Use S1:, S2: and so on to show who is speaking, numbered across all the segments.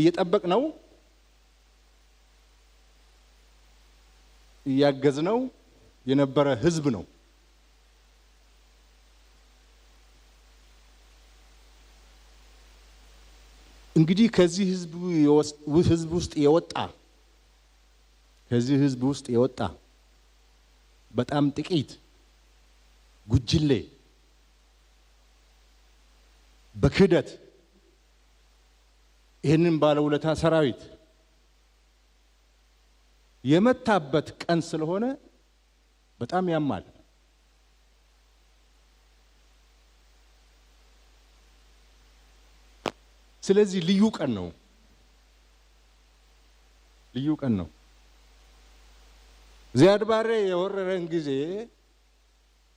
S1: እየጠበቅ ነው፣ እያገዝ ነው የነበረ ህዝብ ነው። እንግዲህ ከዚህ ህዝብ ውስጥ የወጣ ከዚህ ህዝብ ውስጥ የወጣ በጣም ጥቂት ጉጅሌ በክህደት ይህንን ባለውለታ ሰራዊት የመታበት ቀን ስለሆነ በጣም ያማል። ስለዚህ ልዩ ቀን ነው፣ ልዩ ቀን ነው። ዚያድ ባሬ የወረረን ጊዜ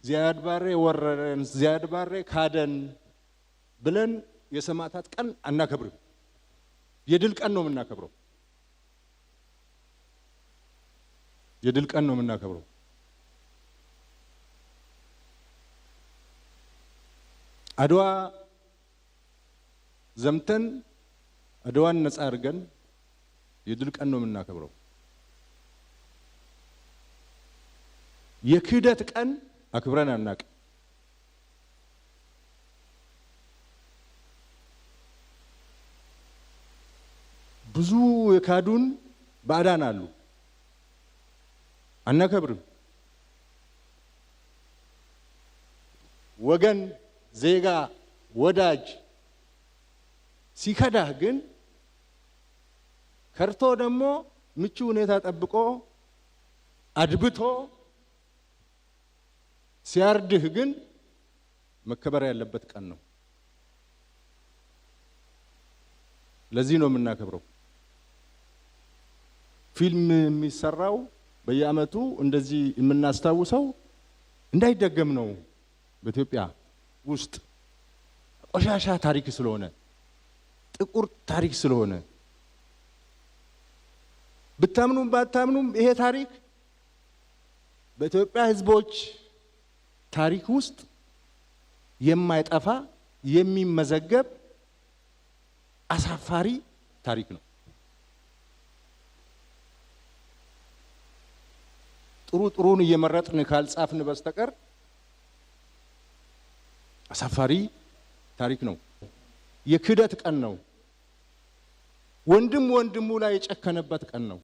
S1: ዚያድ ባሬ ወረረን፣ ዚያድ ባሬ ካደን ብለን የሰማታት ቀን አናከብርም። የድል ቀን ነው የምናከብረው። የድል ቀን ነው የምናከብረው። አድዋ ዘምተን አድዋን ነፃ አድርገን የድል ቀን ነው የምናከብረው። የክህደት ቀን አክብረን አናውቅም። ብዙ የካዱን ባዕዳን አሉ። አናከብርም። ወገን፣ ዜጋ፣ ወዳጅ ሲከዳህ ግን ከርቶ ደግሞ ምቹ ሁኔታ ጠብቆ አድብቶ ሲያርድህ ግን መከበር ያለበት ቀን ነው። ለዚህ ነው የምናከብረው። ፊልም የሚሰራው በየአመቱ እንደዚህ የምናስታውሰው እንዳይደገም ነው። በኢትዮጵያ ውስጥ ቆሻሻ ታሪክ ስለሆነ ጥቁር ታሪክ ስለሆነ ብታምኑም ባታምኑም ይሄ ታሪክ በኢትዮጵያ ሕዝቦች ታሪክ ውስጥ የማይጠፋ የሚመዘገብ አሳፋሪ ታሪክ ነው። ጥሩ ጥሩን እየመረጥን ካልጻፍን በስተቀር አሳፋሪ ታሪክ ነው። የክህደት ቀን ነው። ወንድም ወንድሙ ላይ የጨከነበት ቀን ነው።